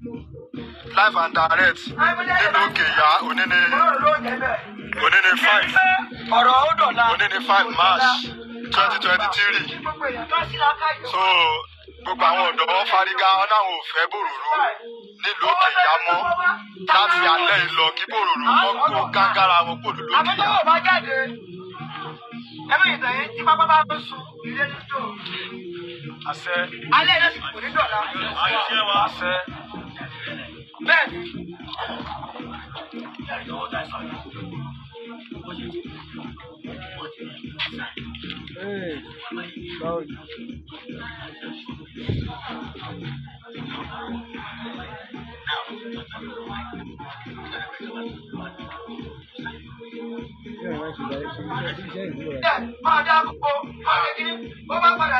live and direct nínú òkè ìyá oníní oníní five oníní five march twenty twenty three so gbogbo àwọn ọ̀dọ́ wọn fárígá ọ̀nà àwọn òfẹ́ bòròrò nílùú òkè ìyá mọ́ láti alẹ́ ìlọ kí bòròrò wọn kó gángara wọn kó lùlù òkè ìyá. ẹbí ìtàn yìí tí pápá bá ń sun ilé ní tò. àṣẹ. alẹ́ ìlọsìn kò ní dọ̀la. àṣẹ máa dá gbogbo máa rẹ kiri bó bá padà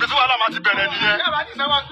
bí tí wàhálà máa ti bẹ̀rẹ̀ nìyẹn.